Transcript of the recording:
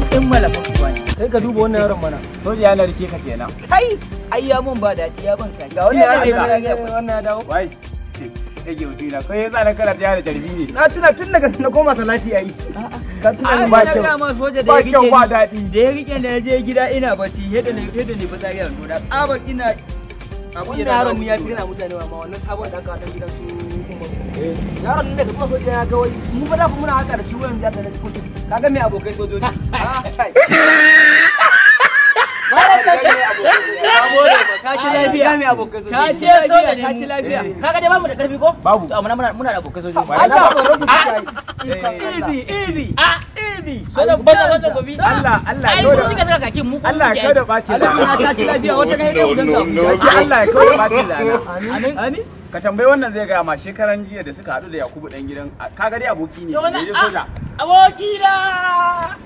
ɗin malafin ruwa ne. Kai ka duba wannan yaron mana, soja yana rike ka kenan. Kai, ai ya mun ba daɗi ya ban kai. Ga wannan yaron ka. wannan ya dawo. Wai, rage wuce na kai ya tsara kana ta da jarbi ne na tuna tun daga na koma salati ayi ka tuna ba kyau ba kyau ba kyau ba daɗi da ya rike da je gida ina bacci yadda ne yadda ne fitsari a nuna tsabar ina abun yaron mu ya tuna mutane ma wannan sabon da aka ta gidan su yaron da kuma soja ya ga wai mu haka da shi da kaga me abokai ah, ka ci Allah ya kawo da da ka tambayi wannan zai gaya ma shekaran jiya da suka haɗu da yakubu dan gidan kaga dai aboki ne ne eh, ah, soja aboki da